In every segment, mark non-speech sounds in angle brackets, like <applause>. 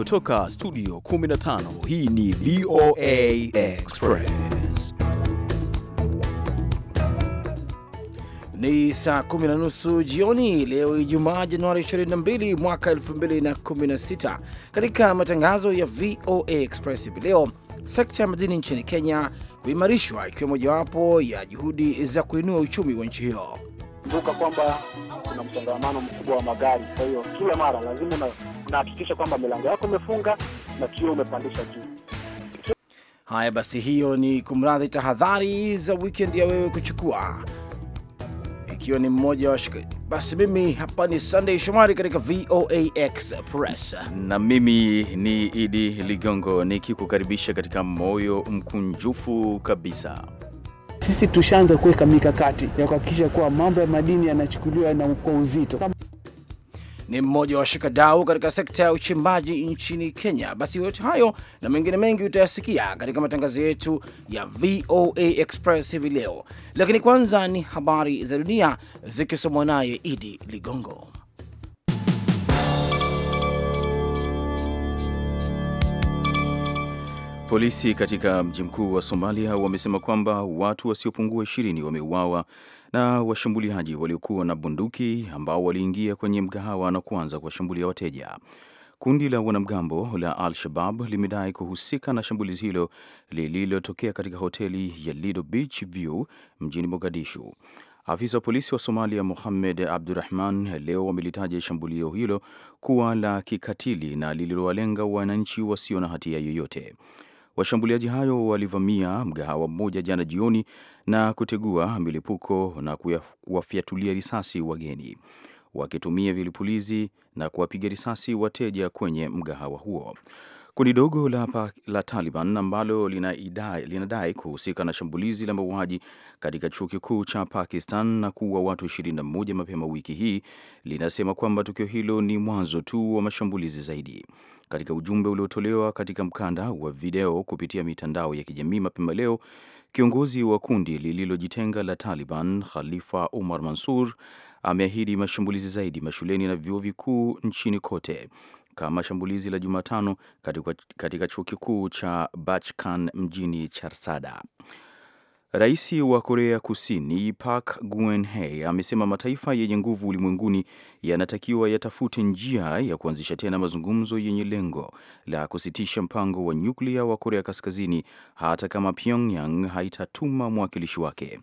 kutoka studio 15 hii ni VOA Express ni saa kumi na nusu jioni leo Ijumaa Januari 22 mwaka 2016 katika matangazo ya VOA Express hivi leo sekta ya madini nchini Kenya kuimarishwa ikiwa mojawapo ya juhudi za kuinua uchumi wa nchi hiyo kumbuka kwamba kuna msongamano mkubwa wa magari kwa hiyo kila mara lazima na na hakikisha kwamba milango yako umefunga na kioo umepandisha juu. Haya basi, hiyo ni kumradhi, tahadhari za weekend ya wewe kuchukua ikiwa ni mmoja wa shikaji. Basi mimi hapa ni Sunday Shomari katika VOA Express, na mimi ni Idi Ligongo nikikukaribisha katika moyo mkunjufu kabisa. Sisi tushaanza kuweka mikakati ya kuhakikisha kuwa mambo ya madini yanachukuliwa na kwa uzito ni mmoja wa shikadau katika sekta ya uchimbaji nchini Kenya. Basi yote hayo na mengine mengi utayasikia katika matangazo yetu ya VOA Express hivi leo, lakini kwanza ni habari za dunia zikisomwa naye Idi Ligongo. Polisi katika mji mkuu wa Somalia wamesema kwamba watu wasiopungua ishirini wameuawa na washambuliaji waliokuwa na bunduki ambao waliingia kwenye mgahawa na kuanza kuwashambulia wateja. Kundi la wanamgambo la Al-Shabab limedai kuhusika na shambulizi hilo lililotokea katika hoteli ya Lido Beach View mjini Mogadishu. Afisa wa polisi wa Somalia muhammed Abdurahman leo wamelitaja shambulio hilo kuwa la kikatili na lililowalenga wananchi wasio na hatia yoyote. Washambuliaji hayo walivamia mgahawa mmoja jana jioni na kutegua milipuko na kuwafyatulia risasi wageni wakitumia vilipulizi na kuwapiga risasi wateja kwenye mgahawa huo. Kundi dogo la, la Taliban ambalo linadai lina kuhusika na shambulizi la mauaji katika chuo kikuu cha Pakistan na kuua watu 21 mapema wiki hii linasema kwamba tukio hilo ni mwanzo tu wa mashambulizi zaidi. Katika ujumbe uliotolewa katika mkanda wa video kupitia mitandao ya kijamii mapema leo, kiongozi wa kundi lililojitenga la Taliban Khalifa Umar Mansur ameahidi mashambulizi zaidi mashuleni na vyuo vikuu nchini kote kama shambulizi la Jumatano katika, katika chuo kikuu cha Bachkan mjini Charsada. Rais wa Korea Kusini Park Geun-hye amesema mataifa yenye nguvu ulimwenguni yanatakiwa yatafute njia ya kuanzisha tena mazungumzo yenye lengo la kusitisha mpango wa nyuklia wa Korea Kaskazini hata kama Pyongyang haitatuma mwakilishi wake.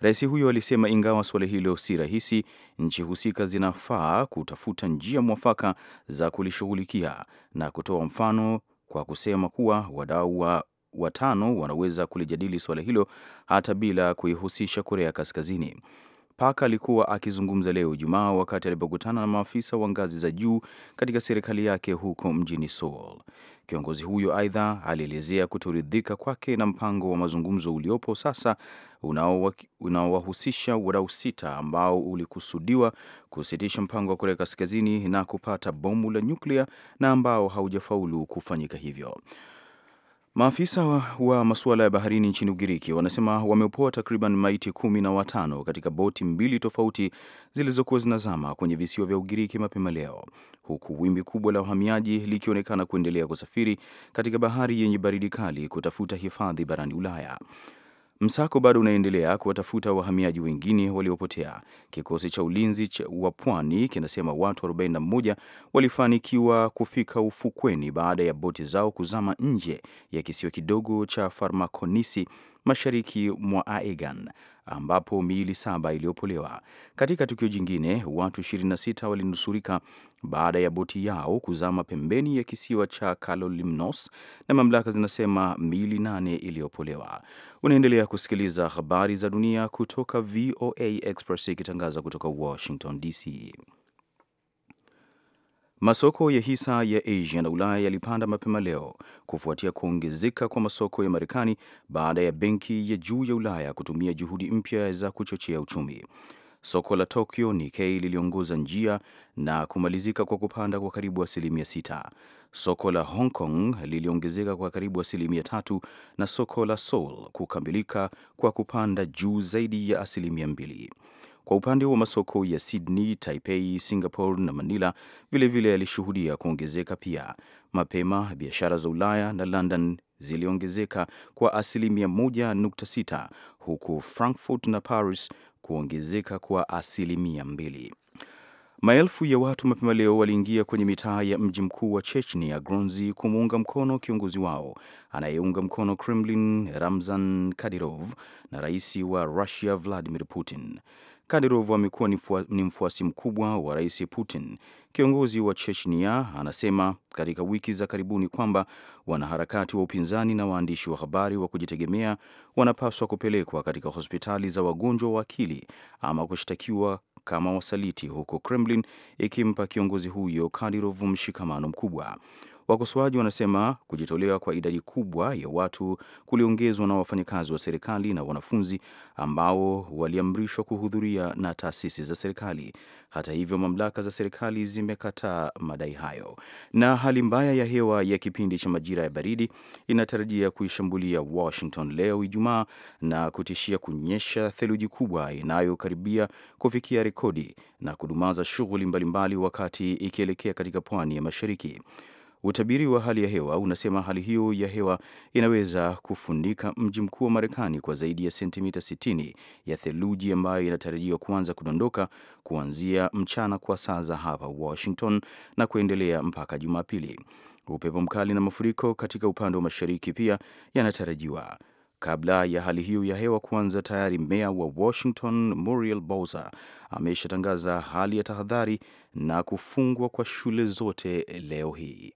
Rais huyo alisema ingawa suala hilo si rahisi, nchi husika zinafaa kutafuta njia mwafaka za kulishughulikia na kutoa mfano kwa kusema kuwa wadau wa watano wanaweza kulijadili suala hilo hata bila kuihusisha Korea Kaskazini. Park alikuwa akizungumza leo Ijumaa wakati alipokutana na maafisa wa ngazi za juu katika serikali yake huko mjini Seoul. Kiongozi huyo aidha alielezea kutoridhika kwake na mpango wa mazungumzo uliopo sasa unaowahusisha wadau sita ambao ulikusudiwa kusitisha mpango wa Korea Kaskazini na kupata bomu la nyuklia na ambao haujafaulu kufanyika hivyo. Maafisa wa, wa masuala ya baharini nchini Ugiriki wanasema wameopoa takriban maiti kumi na watano katika boti mbili tofauti zilizokuwa zinazama kwenye visiwa vya Ugiriki mapema leo, huku wimbi kubwa la uhamiaji likionekana kuendelea kusafiri katika bahari yenye baridi kali kutafuta hifadhi barani Ulaya. Msako bado unaendelea kuwatafuta wahamiaji wengine waliopotea. Kikosi cha ulinzi wa pwani kinasema watu 41 walifanikiwa kufika ufukweni baada ya boti zao kuzama nje ya kisiwa kidogo cha Farmakonisi mashariki mwa Aegean ambapo miili saba iliyopolewa. Katika tukio jingine, watu 26 walinusurika baada ya boti yao kuzama pembeni ya kisiwa cha Kalolimnos na mamlaka zinasema miili nane iliyopolewa. Unaendelea kusikiliza habari za dunia kutoka VOA Express ikitangaza kutoka Washington DC. Masoko ya hisa ya Asia na Ulaya yalipanda mapema leo kufuatia kuongezeka kwa masoko ya Marekani baada ya benki ya juu ya Ulaya kutumia juhudi mpya za kuchochea uchumi. Soko la Tokyo Nikkei liliongoza njia na kumalizika kwa kupanda kwa karibu asilimia sita. Soko la Hong Kong liliongezeka kwa karibu asilimia tatu na soko la Seoul kukamilika kwa kupanda juu zaidi ya asilimia mbili. Kwa upande wa masoko ya Sydney, Taipei, Singapore na Manila vilevile yalishuhudia kuongezeka pia. Mapema biashara za Ulaya na London ziliongezeka kwa asilimia 1.6 huku Frankfurt na Paris kuongezeka kwa asilimia 2. Maelfu ya watu mapema leo waliingia kwenye mitaa ya mji mkuu wa Chechnia, Grozny, kumuunga mkono kiongozi wao anayeunga mkono Kremlin, Ramzan Kadyrov, na rais wa Russia Vladimir Putin. Kadirov amekuwa ni mfuasi mkubwa wa Rais Putin. Kiongozi wa Chechnia anasema katika wiki za karibuni kwamba wanaharakati wa upinzani na waandishi wa habari wa kujitegemea wanapaswa kupelekwa katika hospitali za wagonjwa wa akili ama kushtakiwa kama wasaliti, huko Kremlin ikimpa kiongozi huyo Kadirov mshikamano mkubwa. Wakosoaji wanasema kujitolewa kwa idadi kubwa ya watu kuliongezwa na wafanyakazi wa serikali na wanafunzi ambao waliamrishwa kuhudhuria na taasisi za serikali. Hata hivyo, mamlaka za serikali zimekataa madai hayo. Na hali mbaya ya hewa ya kipindi cha majira ya baridi inatarajia kuishambulia Washington leo Ijumaa na kutishia kunyesha theluji kubwa inayokaribia kufikia rekodi na kudumaza shughuli mbalimbali wakati ikielekea katika pwani ya mashariki. Utabiri wa hali ya hewa unasema hali hiyo ya hewa inaweza kufunika mji mkuu wa Marekani kwa zaidi ya sentimita 60 ya theluji ambayo inatarajiwa kuanza kudondoka kuanzia mchana kwa saa za hapa Washington na kuendelea mpaka Jumapili. Upepo mkali na mafuriko katika upande wa mashariki pia yanatarajiwa. Kabla ya hali hiyo ya hewa kuanza, tayari meya wa Washington Muriel Bowser ameshatangaza hali ya tahadhari na kufungwa kwa shule zote leo hii.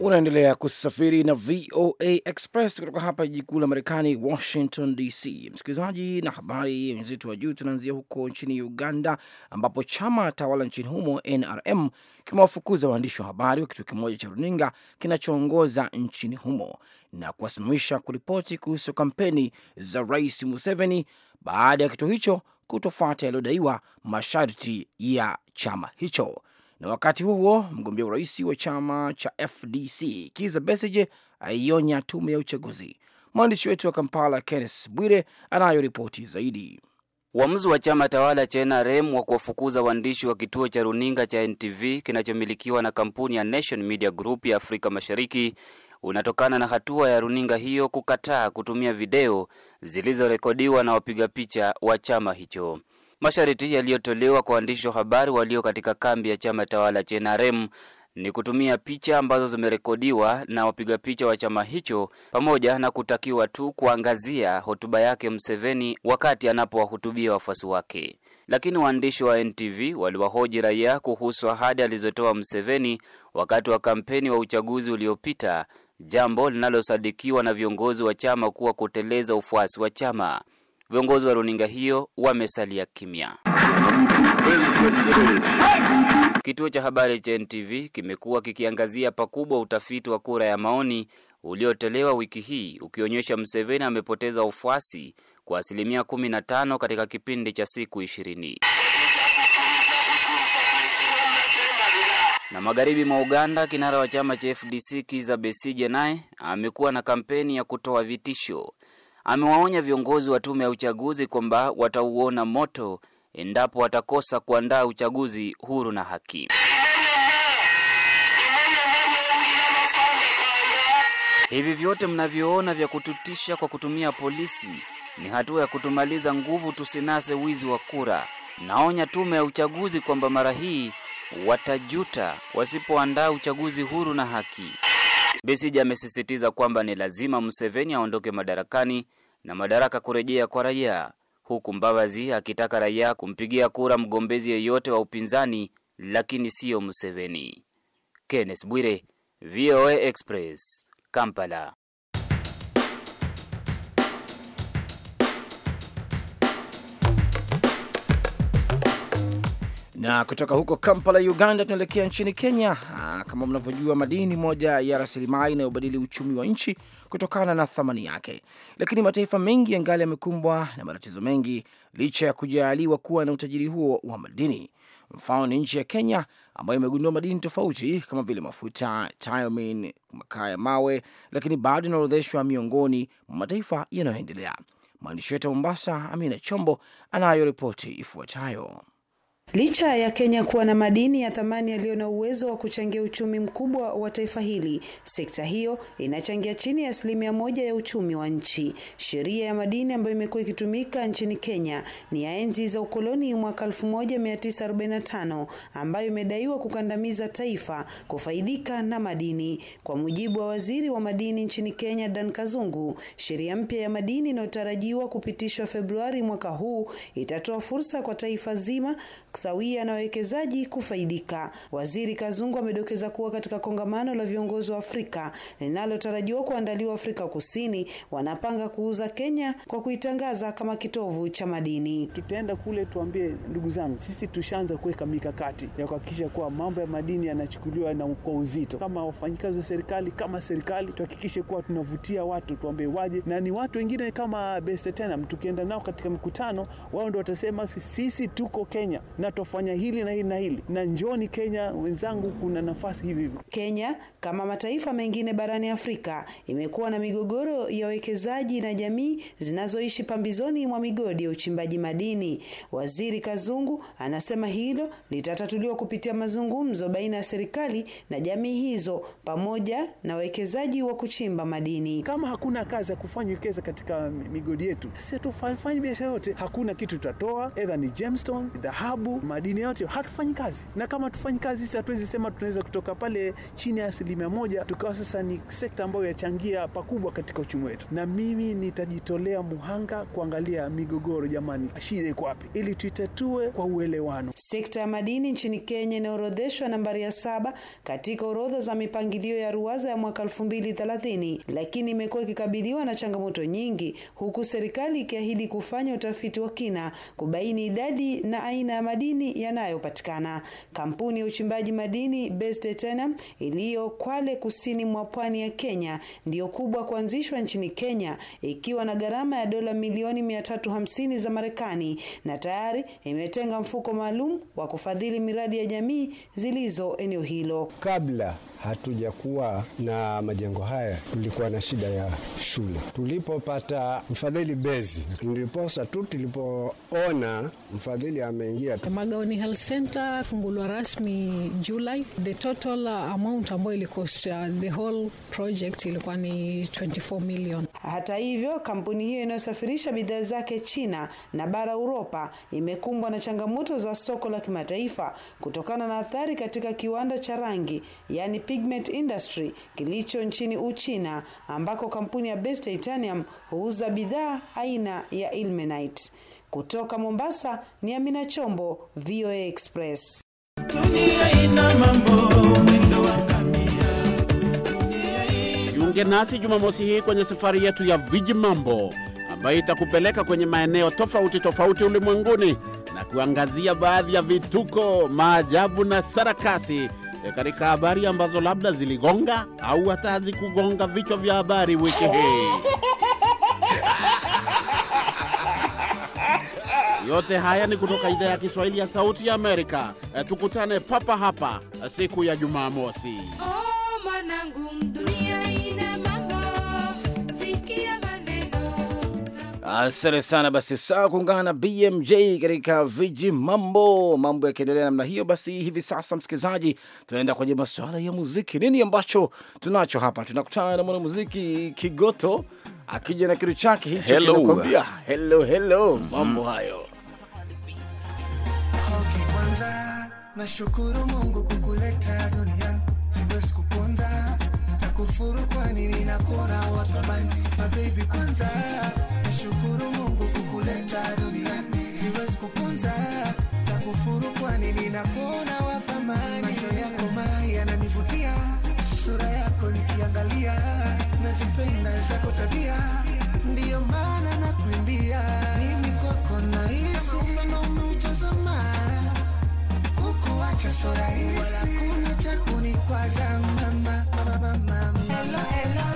Unaendelea kusafiri na VOA Express kutoka hapa jiji kuu la Marekani, Washington DC. Msikilizaji, na habari mzito wa juu, tunaanzia huko nchini Uganda ambapo chama tawala nchini humo NRM kimewafukuza waandishi wa habari wa kituo kimoja cha runinga kinachoongoza nchini humo na kuwasimamisha kuripoti kuhusu kampeni za Rais Museveni baada ya kituo hicho kutofuata yaliyodaiwa masharti ya chama hicho. Na wakati huo huo, mgombea urais wa chama cha FDC Kiza Besige aionya tume ya uchaguzi. Mwandishi wetu wa Kampala Kenneth Bwire anayo ripoti zaidi. Uamuzi wa chama tawala cha NRM wa kuwafukuza waandishi wa kituo cha runinga cha NTV kinachomilikiwa na kampuni ya Nation Media Group ya Afrika Mashariki unatokana na hatua ya runinga hiyo kukataa kutumia video zilizorekodiwa na wapiga picha wa chama hicho. Masharti yaliyotolewa kwa waandishi wa habari walio katika kambi ya chama tawala cha NRM ni kutumia picha ambazo zimerekodiwa na wapiga picha wa chama hicho pamoja na kutakiwa tu kuangazia hotuba yake Mseveni wakati anapowahutubia wafuasi wake. Lakini waandishi wa NTV waliwahoji raia kuhusu ahadi alizotoa Mseveni wakati wa kampeni wa uchaguzi uliopita jambo linalosadikiwa na viongozi wa chama kuwa kuteleza ufuasi wa chama. Viongozi wa runinga hiyo wamesalia kimya. Kituo cha habari cha NTV kimekuwa kikiangazia pakubwa utafiti wa kura ya maoni uliotolewa wiki hii ukionyesha Mseveni amepoteza ufuasi kwa asilimia 15 katika kipindi cha siku ishirini. Na magharibi mwa Uganda, kinara wa chama cha FDC Kiza Besije naye amekuwa na kampeni ya kutoa vitisho. Amewaonya viongozi wa tume ya uchaguzi kwamba watauona moto endapo watakosa kuandaa uchaguzi huru na haki. Hivi vyote mnavyoona vya kututisha kwa kutumia polisi ni hatua ya kutumaliza nguvu, tusinase wizi wa kura. Naonya tume ya uchaguzi kwamba mara hii watajuta wasipoandaa uchaguzi huru na haki. Besigye amesisitiza kwamba ni lazima Museveni aondoke madarakani na madaraka kurejea kwa raia, huku Mbabazi akitaka raia kumpigia kura mgombezi yeyote wa upinzani, lakini siyo Museveni. Kenneth Bwire, VOA Express, Kampala. Na kutoka huko Kampala, Uganda, tunaelekea nchini Kenya. Ah, kama mnavyojua, madini moja ya rasilimali inayobadili uchumi wa nchi kutokana na thamani yake, lakini mataifa mengi yangali yamekumbwa na matatizo mengi licha ya kujaaliwa kuwa na utajiri huo wa madini. Mfano ni nchi ya Kenya ambayo imegundua madini tofauti kama vile mafuta, tiamin, makaa ya mawe, lakini bado inaorodheshwa miongoni mwa mataifa yanayoendelea. Mwandishi wetu wa Mombasa, Amina Chombo, anayo ripoti ifuatayo. Licha ya Kenya kuwa na madini ya thamani yaliyo na uwezo wa kuchangia uchumi mkubwa wa taifa hili, sekta hiyo inachangia chini ya asilimia moja ya uchumi wa nchi. Sheria ya madini ambayo imekuwa ikitumika nchini Kenya ni ya enzi za ukoloni mwaka 1945 ambayo imedaiwa kukandamiza taifa kufaidika na madini. Kwa mujibu wa waziri wa madini nchini Kenya, Dan Kazungu, sheria mpya ya madini inayotarajiwa kupitishwa Februari mwaka huu itatoa fursa kwa taifa zima sawia na wawekezaji kufaidika. Waziri Kazungu amedokeza kuwa katika kongamano la viongozi wa Afrika linalotarajiwa kuandaliwa Afrika Kusini, wanapanga kuuza Kenya kwa kuitangaza kama kitovu cha madini. Tutaenda kule tuambie, ndugu zangu, sisi tushaanza kuweka mikakati ya kuhakikisha kuwa mambo ya madini yanachukuliwa na kwa uzito, kama wafanyikazi wa serikali, kama serikali tuhakikishe kuwa tunavutia watu, tuambie waje, na ni watu wengine kama Tena, tukienda nao katika mikutano, wao ndio watasema sisi tuko Kenya na tofanya hili na hili na hili, na njoni Kenya wenzangu, kuna nafasi hivi hivi. Kenya kama mataifa mengine barani Afrika imekuwa na migogoro ya wekezaji na jamii zinazoishi pambizoni mwa migodi ya uchimbaji madini. Waziri Kazungu anasema hilo litatatuliwa kupitia mazungumzo baina ya serikali na jamii hizo pamoja na wawekezaji wa kuchimba madini. Kama hakuna kazi ya kufanya wekeza katika migodi yetu, sisi tufanye biashara yote, hakuna kitu tutatoa, edha ni gemstone dhahabu madini yote hatufanyi kazi, na kama tufanyi kazi sisi hatuwezi sema tunaweza kutoka pale chini ya asilimia moja tukawa sasa ni sekta ambayo yachangia pakubwa katika uchumi wetu. Na mimi nitajitolea muhanga kuangalia migogoro, jamani, shida iko wapi, ili tuitatue kwa uelewano. Sekta ya madini nchini Kenya inaorodheshwa nambari ya saba katika orodha za mipangilio ya ruwaza ya mwaka elfu mbili thelathini, lakini imekuwa ikikabiliwa na changamoto nyingi, huku serikali ikiahidi kufanya utafiti wa kina kubaini idadi na aina ya madini madini yanayopatikana. Kampuni ya uchimbaji madini Best Eternum iliyo Kwale kusini mwa pwani ya Kenya ndiyo kubwa kuanzishwa nchini Kenya ikiwa na gharama ya dola milioni 350 za Marekani na tayari imetenga mfuko maalum wa kufadhili miradi ya jamii zilizo eneo hilo. Kabla hatujakuwa na majengo haya, tulikuwa na shida ya shule. Tulipopata mfadhili Bezi, tuliposa tu, tulipoona mfadhili ameingia Magaoni Health Center fungulwa rasmi July. The total amount ambayo ilikost the whole project ilikuwa ni 24 million. Hata hivyo, kampuni hiyo inayosafirisha bidhaa zake China na bara Uropa imekumbwa na changamoto za soko la kimataifa kutokana na athari katika kiwanda cha rangi yani pigment industry kilicho nchini Uchina ambako kampuni ya Best Titanium huuza bidhaa aina ya ilmenite. Kutoka Mombasa ni Amina Chombo, VOA Express. Jiunge nasi Jumamosi hii kwenye safari yetu ya viji mambo ambayo itakupeleka kwenye maeneo tofauti tofauti ulimwenguni na kuangazia baadhi ya vituko, maajabu na sarakasi eh, katika habari ambazo labda ziligonga au hata hazikugonga vichwa vya habari wiki hii. <laughs> Yote haya ni kutoka idhaa ya Kiswahili ya Sauti ya Amerika. Eh, tukutane papa hapa eh, siku ya Jumamosi. mosi Asante sana. Basi saa kuungana na BMJ katika viji mambo mambo yakiendelea namna hiyo. Basi hivi sasa, msikilizaji, tunaenda kwenye masuala ya muziki. Nini ambacho tunacho hapa? Tunakutana na mwanamuziki Kigoto akija na kitu chake hicho, kinakwambia hello hello, mambo mm-hmm. hayo Nashukuru Mungu kukuleta duniani, siwezi kuponza takufuru, kwa nini nakora watamani mabebi kwanza. Nashukuru Mungu kukuleta duniani, siwezi kuponza takufuru, kwa nini nakora wathamani. Macho yako mai yananivutia, sura yako nikiangalia, nazipenda zako tabia, ndiyo maana nakuimbia mimi kwako nahisi Wacha sura hisi, kuna cha kunikwaza mama, mama, mama, mama. Hello, hello.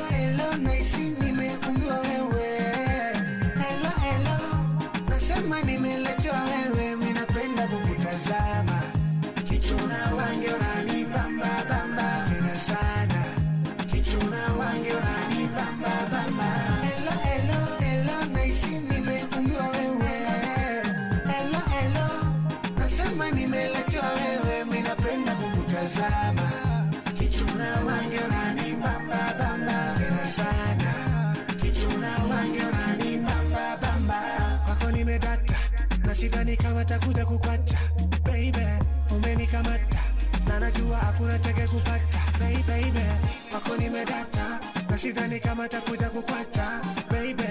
takuja kukwata baby, umenikamata na najua hakuna tege kupata baby, wako nimedata na sidhani kama takuja kukwata baby,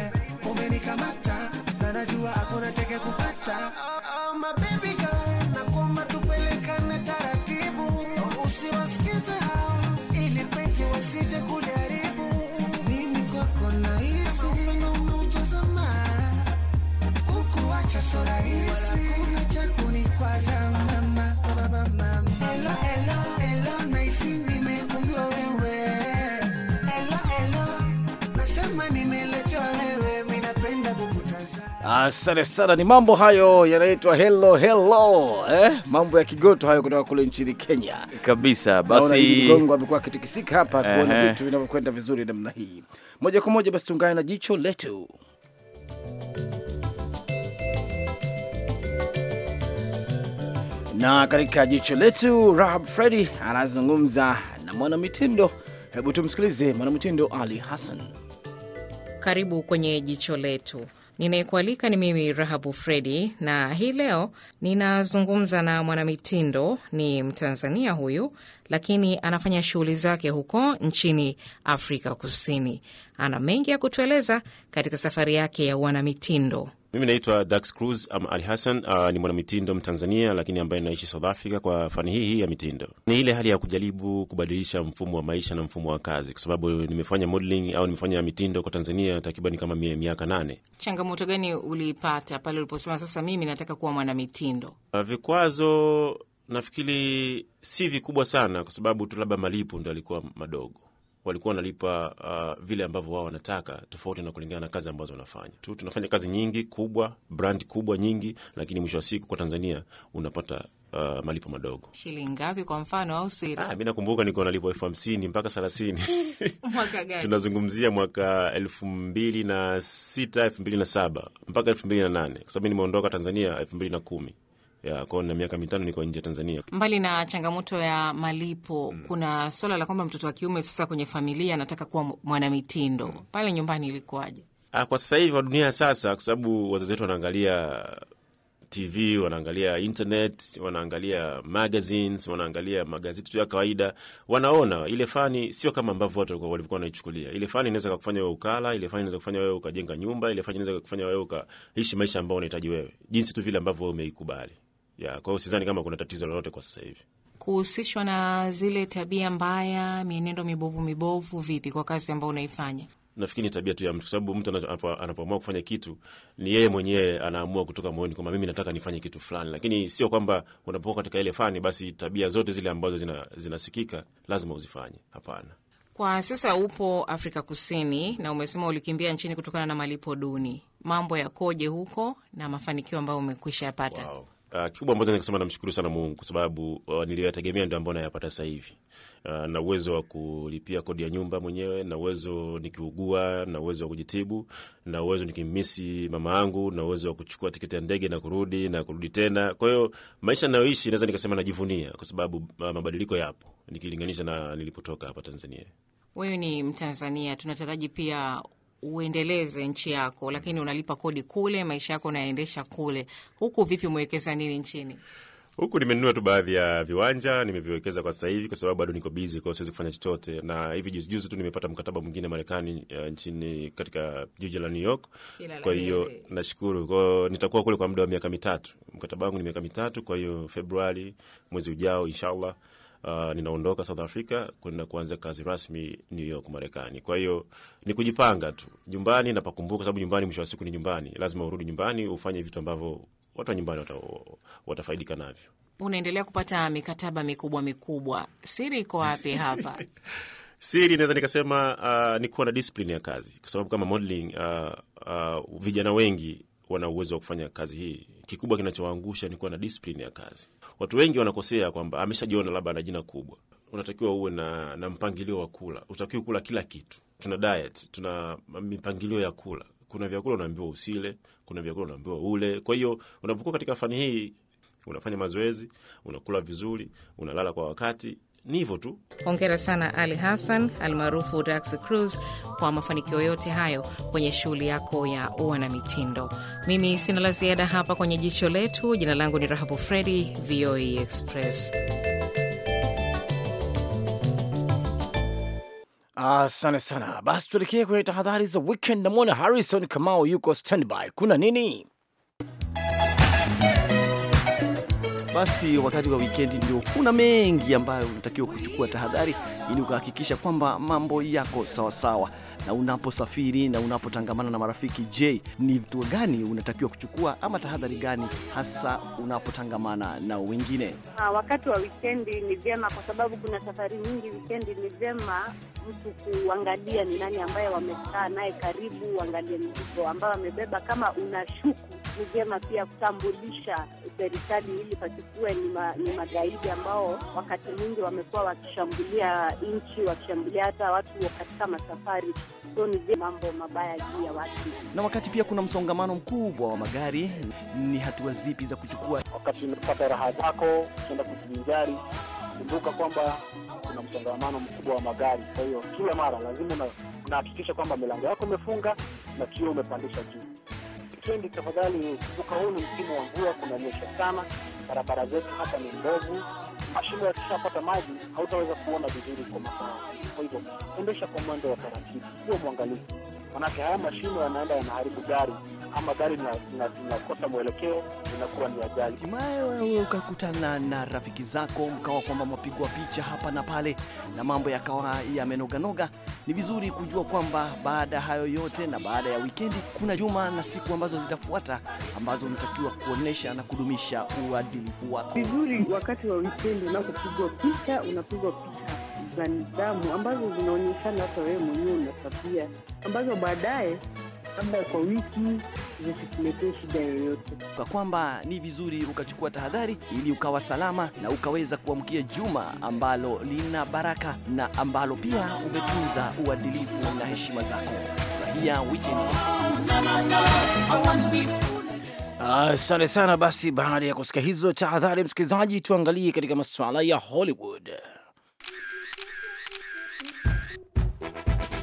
umenikamata na najua hakuna tege kupata oh, Asante sana, ni mambo hayo yanaitwa hello hello, eh? Mambo ya kigoto hayo kutoka kule nchini Kenya kabisa. Basi Mgongo amekuwa akitikisika hapa kuona vitu vinavyokwenda vizuri namna hii. Moja kwa moja basi tuungane na jicho letu. Na katika jicho letu Rahab Fredi anazungumza na mwanamitindo. Hebu tumsikilize mwanamitindo Ali Hassan. Karibu kwenye jicho letu. Ninayekualika ni mimi Rahabu Fredi, na hii leo ninazungumza na mwanamitindo. Ni Mtanzania huyu, lakini anafanya shughuli zake huko nchini Afrika Kusini. Ana mengi ya kutueleza katika safari yake ya wanamitindo. Mimi naitwa Dax Cruz ama Ali Hassan. Uh, ni mwanamitindo Mtanzania, lakini ambaye naishi South Africa kwa fani hii hii ya mitindo. Ni ile hali ya kujaribu kubadilisha mfumo wa maisha na mfumo wa kazi, kwa sababu nimefanya modeling au nimefanya mitindo kwa Tanzania takriban kama miaka nane. Changamoto gani uliipata pale uliposema sasa mimi nataka kuwa mwanamitindo? Uh, vikwazo nafikiri si vikubwa sana, kwa sababu tu labda malipo ndo alikuwa madogo walikuwa wanalipa uh, vile ambavyo wao wanataka, tofauti na kulingana na kazi ambazo wanafanya tu. Tunafanya kazi nyingi kubwa, brand kubwa nyingi, lakini mwisho wa siku kwa Tanzania unapata Uh, malipo madogo shilingi ngapi kwa mfano, au siri? Ah, mi nakumbuka niko nalipwa elfu hamsini mpaka thelathini <laughs> mwaka gani? tunazungumzia mwaka elfu mbili na sita elfu mbili na saba mpaka elfu mbili na nane kwa sababu nimeondoka Tanzania elfu mbili na kumi ya kwao na miaka mitano niko nje ya Tanzania. Mbali na changamoto ya malipo mm. kuna swala la kwamba mtoto wa kiume sasa kwenye familia anataka kuwa mwanamitindo mm. pale nyumbani ilikuwaje? Ah, kwa sasa hivi kwa dunia sasa, kwa sababu wazazi wetu wanaangalia TV wanaangalia internet, wanaangalia magazines, wanaangalia magazeti tu ya kawaida, wanaona ile fani sio kama ambavyo watu walivyokuwa wanaichukulia. Ile fani inaweza kufanya wewe ukala, ile fani inaweza kufanya wewe ukajenga nyumba, ile fani inaweza kufanya wewe ukaishi maisha ambayo unahitaji wewe, jinsi tu vile ambavyo wewe umeikubali yeah, kwa hiyo sidhani kama kuna tatizo lolote kwa sasa hivi kuhusishwa na zile tabia mbaya, mienendo mibovu mibovu. Vipi kwa kazi ambayo unaifanya? Nafikiri ni tabia tu ya mtu, kwa sababu mtu anapoamua kufanya kitu ni yeye mwenyewe anaamua kutoka moyoni kwamba mimi nataka nifanye kitu fulani, lakini sio kwamba unapokuwa katika ile fani basi tabia zote zile ambazo zina, zinasikika lazima uzifanye. Hapana. Kwa sasa upo Afrika Kusini na umesema ulikimbia nchini kutokana na malipo duni, mambo yakoje huko na mafanikio ambayo umekwisha yapata? wow. Uh, kikubwa ambacho nikasema namshukuru sana Mungu kwa sababu uh, niliyoyategemea ndio ambayo nayapata sasa hivi. Uh, na uwezo wa kulipia kodi ya nyumba mwenyewe, na uwezo nikiugua, na uwezo wa kujitibu, na uwezo nikimmisi mama yangu, na uwezo wa kuchukua tiketi ya ndege na kurudi na kurudi tena. Kwa hiyo maisha nayoishi naweza nikasema najivunia kwa sababu uh, mabadiliko yapo nikilinganisha na nilipotoka hapa Tanzania. Wewe ni Mtanzania, tunataraji pia uendeleze nchi yako, lakini unalipa kodi kule, maisha yako unayaendesha kule. Huku vipi, umewekeza nini nchini? Huku nimenunua tu baadhi ya viwanja nimeviwekeza kwa sasa hivi, kwa sababu bado niko bizi kwao, siwezi kufanya chochote. Na hivi juzi juzi tu nimepata mkataba mwingine Marekani, uh, nchini katika jiji la New York. Kwa hiyo nashukuru kwao, nitakuwa kule kwa muda wa miaka mitatu. Mkataba wangu ni miaka mitatu, kwa hiyo Februari mwezi ujao inshallah uh, ninaondoka South Africa kwenda kuanza kazi rasmi New York Marekani. Kwa hiyo ni kujipanga tu nyumbani na pakumbuka, sababu nyumbani, mwisho wa siku ni nyumbani, lazima urudi nyumbani ufanye vitu ambavyo watu wa nyumbani wata, watafaidika navyo. Unaendelea kupata mikataba mikubwa mikubwa, siri iko wapi hapa? <laughs> Siri naweza nikasema uh, ah, ni kuwa na discipline ya kazi, kwa sababu kama modeling uh, uh, vijana wengi wana uwezo wa kufanya kazi hii kikubwa kinachowaangusha ni kuwa na discipline ya kazi. Watu wengi wanakosea kwamba ameshajiona labda ana jina kubwa. Unatakiwa uwe na, na mpangilio wa kula. Utakiwa kula kila kitu. Tuna diet, tuna mipangilio ya kula. Kuna vyakula unaambiwa usile, kuna vyakula unaambiwa ule. Kwa hiyo unapokuwa katika fani hii, unafanya mazoezi, unakula vizuri, unalala kwa wakati, ni hivyo tu. Hongera sana Ali Hassan almaarufu Dax Cruz kwa mafanikio yote hayo kwenye shughuli yako ya uanamitindo. Mimi sina la ziada hapa kwenye jicho letu. Jina langu ni Rahabu Fredi, VOA e Express. Asante sana. Basi tuelekee kwenye tahadhari za weekend. Namwona Harrison Kamau yuko standby. Kuna nini? Basi wakati wa wikendi ndio kuna mengi ambayo unatakiwa kuchukua tahadhari ili ukahakikisha kwamba mambo yako sawasawa sawa. Na unaposafiri na unapotangamana na marafiki, je, ni vitu gani unatakiwa kuchukua ama tahadhari gani hasa unapotangamana na wengine? Ha, ah, wakati wa wikendi ni vyema, kwa sababu kuna safari nyingi wikendi, ni vyema mtu kuangalia ni nani ambaye wamekaa naye karibu, uangalie mzigo ambayo amebeba, kama unashuku ni vyema pia kutambulisha serikali ili pasikuwe ni, ma, ni magaidi ambao wakati mwingi wamekuwa wakishambulia nchi, wakishambulia hata watu katika masafari. So ni mambo mabaya juu ya watu. Na wakati pia kuna msongamano mkubwa wa magari, ni hatua zipi za kuchukua wakati umepata raha zako kenda kujivinjari? Kumbuka kwamba kuna msongamano mkubwa wa magari, kwa hiyo kila mara lazima unahakikisha kwamba milango yako imefunga na kio umepandisha juu wikendi tafadhali, kumbuka huu ni msimu wa mvua, kunanyesha sana, barabara zetu hapa ni mbovu, mashimo yakishapata maji hautaweza kuona vizuri kwa masaa. Kwa hivyo endesha kwa mwendo wa taratibu, huwa mwangalifu. Manake haya mashine yanaenda yanaharibu gari ama gari inakosa mwelekeo, inakuwa ni ajali. Hatimaye wewe ukakutana na rafiki zako, mkawa kwamba mwapigwa picha hapa na pale, na mambo yakawa yamenoganoga. Ni vizuri kujua kwamba baada ya hayo yote na baada ya wikendi, kuna juma na siku ambazo zitafuata, ambazo unatakiwa kuonesha na kudumisha uadilifu wako vizuri. Wakati wa wikendi unapopigwa picha, unapigwa picha za nidhamu ambazo zinaonyeshana hata wewe mwenyewe una tabia ambazo baadaye labda kwa wiki zisikuletee shida yoyote. Kwa kwamba ni vizuri ukachukua tahadhari ili ukawa salama na ukaweza kuamkia juma ambalo lina baraka na ambalo pia umetunza uadilifu na heshima zako. Furahia weekend. Asante uh, sana. Basi baada ya kusikia hizo tahadhari, msikilizaji, tuangalie katika masuala ya Hollywood.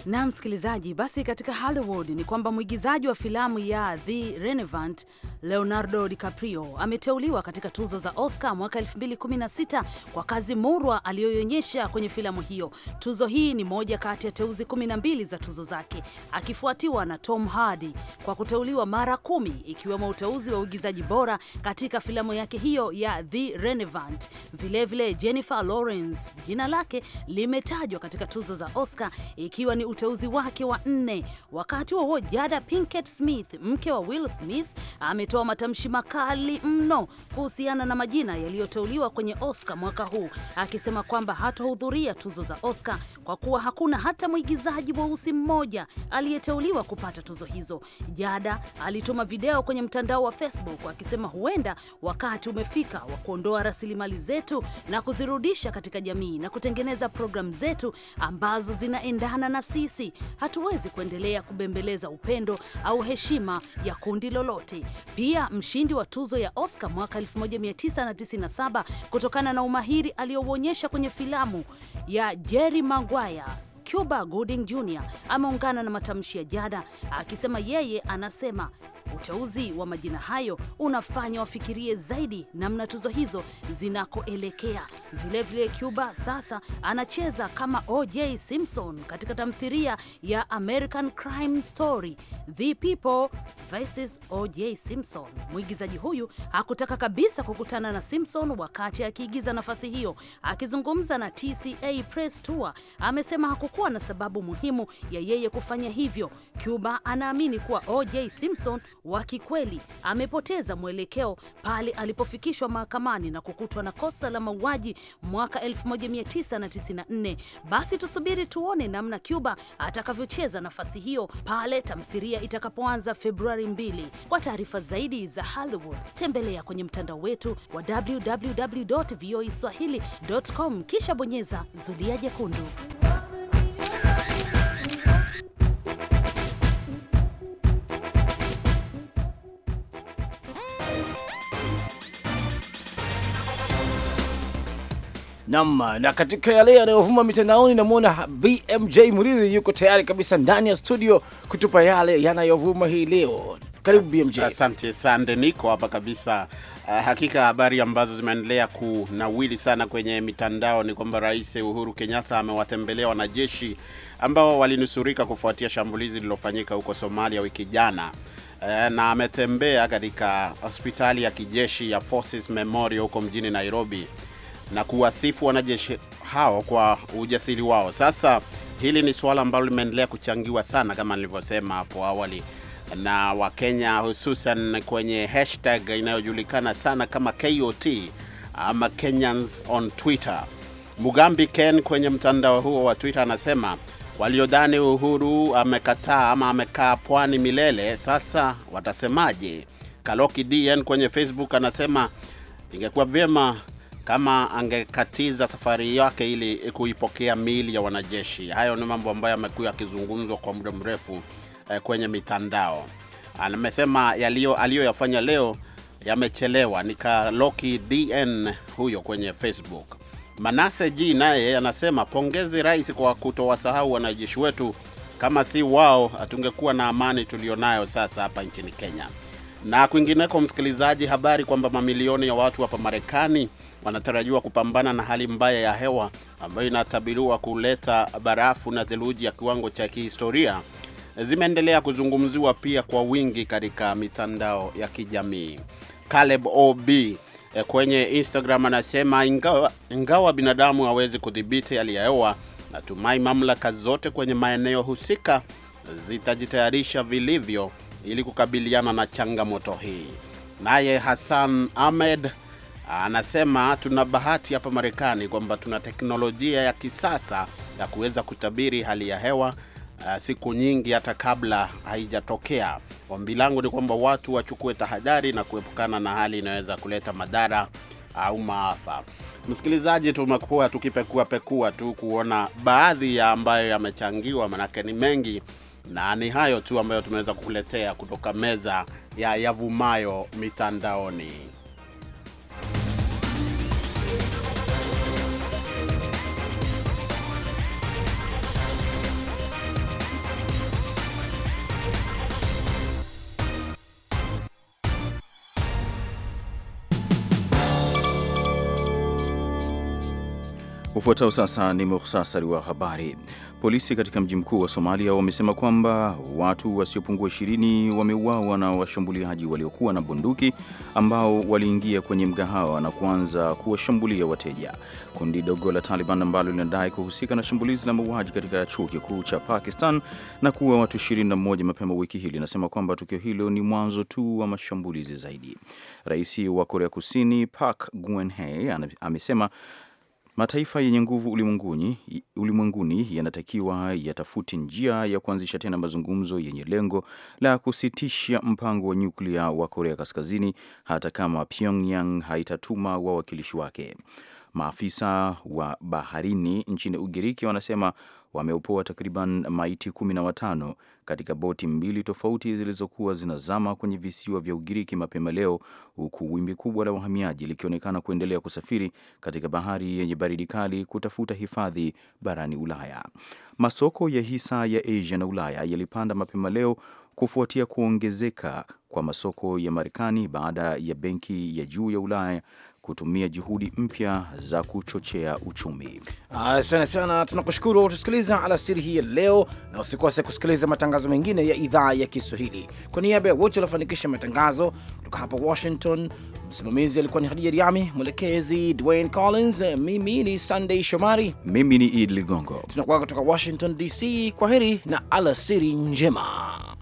na msikilizaji, basi katika Hollywood ni kwamba mwigizaji wa filamu ya The Revenant Leonardo DiCaprio ameteuliwa katika tuzo za Oscar mwaka 2016 kwa kazi murwa aliyoionyesha kwenye filamu hiyo. Tuzo hii ni moja kati ya teuzi 12 za tuzo zake, akifuatiwa na Tom Hardy kwa kuteuliwa mara kumi, ikiwemo uteuzi wa uigizaji bora katika filamu yake hiyo ya The Revenant. Vilevile Jennifer Lawrence jina lake limetajwa katika tuzo za Oscar ikiwa ni uteuzi wake wa nne. Wakati huo huo, Jada Pinkett Smith mke wa Will Smith ame ametoa matamshi makali mno kuhusiana na majina yaliyoteuliwa kwenye Oscar mwaka huu, akisema kwamba hatohudhuria tuzo za Oscar kwa kuwa hakuna hata mwigizaji mweusi mmoja aliyeteuliwa kupata tuzo hizo. Jada alituma video kwenye mtandao wa Facebook akisema huenda wakati umefika wa kuondoa rasilimali zetu na kuzirudisha katika jamii na kutengeneza programu zetu ambazo zinaendana na sisi. Hatuwezi kuendelea kubembeleza upendo au heshima ya kundi lolote pia mshindi wa tuzo ya Oscar mwaka 1997 kutokana na umahiri aliyouonyesha kwenye filamu ya Jerry Maguire. Cuba Gooding Jr. ameungana na matamshi ya Jada akisema yeye anasema Uteuzi wa majina hayo unafanya wafikirie zaidi namna tuzo hizo zinakoelekea. Vilevile, Cuba sasa anacheza kama OJ Simpson katika tamthilia ya American Crime Story The People vs OJ Simpson. Mwigizaji huyu hakutaka kabisa kukutana na Simpson wakati akiigiza nafasi hiyo. Akizungumza na TCA Press Tour, amesema hakukuwa na sababu muhimu ya yeye kufanya hivyo. Cuba anaamini kuwa OJ Simpson wa kikweli amepoteza mwelekeo pale alipofikishwa mahakamani na kukutwa na kosa la mauaji mwaka 1994. Basi tusubiri tuone namna Cuba atakavyocheza nafasi hiyo pale tamthiria itakapoanza Februari 2. Kwa taarifa zaidi za Hollywood tembelea kwenye mtandao wetu wa www.voaswahili.com, kisha bonyeza zulia jekundu. Naam, na katika yale yanayovuma mitandaoni, namwona BMJ Muridhi yuko tayari kabisa ndani ya studio kutupa yale yanayovuma hii leo. Karibu BMJ. Asante sande, niko hapa kabisa. Uh, hakika habari ambazo zimeendelea kunawili sana kwenye mitandao ni kwamba Rais Uhuru Kenyatta amewatembelea wanajeshi ambao walinusurika kufuatia shambulizi lililofanyika huko Somalia wiki jana eh, na ametembea katika hospitali ya kijeshi ya Forces Memorial huko mjini Nairobi na kuwasifu wanajeshi hao kwa ujasiri wao. Sasa hili ni suala ambalo limeendelea kuchangiwa sana kama nilivyosema hapo awali na Wakenya, hususan kwenye hashtag inayojulikana sana kama KOT ama Kenyans on Twitter. Mugambi Ken kwenye mtandao huo wa Twitter anasema waliodhani Uhuru amekataa ama amekaa pwani milele sasa watasemaje? Kaloki DN kwenye Facebook anasema ingekuwa vyema kama angekatiza safari yake ili kuipokea miili ya wanajeshi. Hayo ni mambo ambayo yamekuwa yakizungumzwa kwa muda mrefu eh, kwenye mitandao. Amesema aliyoyafanya leo yamechelewa. ni kaloki DN huyo kwenye Facebook. Manase G naye anasema pongezi rais kwa kutowasahau wanajeshi wetu, kama si wao hatungekuwa na amani tulionayo sasa hapa nchini Kenya. Na kwingineko, msikilizaji, habari kwamba mamilioni ya watu hapa Marekani wanatarajiwa kupambana na hali mbaya ya hewa ambayo inatabiriwa kuleta barafu na theluji ya kiwango cha kihistoria zimeendelea kuzungumziwa pia kwa wingi katika mitandao ya kijamii. Caleb OB eh, kwenye Instagram anasema ingawa, ingawa binadamu hawezi kudhibiti hali ya hewa, natumai mamlaka zote kwenye maeneo husika zitajitayarisha vilivyo ili kukabiliana na changamoto hii. Naye Hassan Ahmed anasema tuna bahati hapa Marekani kwamba tuna teknolojia ya kisasa ya kuweza kutabiri hali ya hewa eh, siku nyingi hata kabla haijatokea. Ombi langu ni kwamba watu wachukue tahadhari na kuepukana na hali inayoweza kuleta madhara au maafa. Msikilizaji, tumekuwa tukipekua pekua tu kuona baadhi ya ambayo yamechangiwa, manake ni mengi na ni hayo tu ambayo tumeweza kukuletea kutoka meza ya yavumayo mitandaoni. Ufuatao sasa ni muhtasari wa habari. Polisi katika mji mkuu wa Somalia wamesema kwamba watu wasiopungua ishirini wameuawa na washambuliaji waliokuwa na bunduki ambao waliingia kwenye mgahawa na kuanza kuwashambulia wateja. Kundi dogo la Taliban ambalo linadai kuhusika na shambulizi la mauaji katika chuo kikuu cha Pakistan na kuwa watu 21 mapema wiki hii linasema kwamba tukio hilo ni mwanzo tu wa mashambulizi zaidi. Rais wa Korea Kusini Park Geun-hye amesema Mataifa yenye nguvu ulimwenguni ulimwenguni yanatakiwa yatafute njia ya kuanzisha tena mazungumzo yenye lengo la kusitisha mpango wa nyuklia wa Korea Kaskazini hata kama Pyongyang haitatuma wawakilishi wake. Maafisa wa baharini nchini Ugiriki wanasema wameopoa takriban maiti kumi na watano katika boti mbili tofauti zilizokuwa zinazama kwenye visiwa vya Ugiriki mapema leo, huku wimbi kubwa la wahamiaji likionekana kuendelea kusafiri katika bahari yenye baridi kali kutafuta hifadhi barani Ulaya. Masoko ya hisa ya Asia na Ulaya yalipanda mapema leo kufuatia kuongezeka kwa masoko ya Marekani baada ya benki ya juu ya Ulaya kutumia juhudi mpya za kuchochea uchumi. Asante sana, tunakushukuru kwa kutusikiliza alasiri hii ya leo, na usikose kusikiliza matangazo mengine ya idhaa ya Kiswahili. Kwa niaba ya wote waliofanikisha matangazo kutoka hapa Washington, msimamizi alikuwa ni Hadija Riami, mwelekezi Dwayne Collins, mimi ni sandey Shomari, mimi ni Id Ligongo, tunakuwa kutoka Washington DC. Kwa heri na alasiri njema.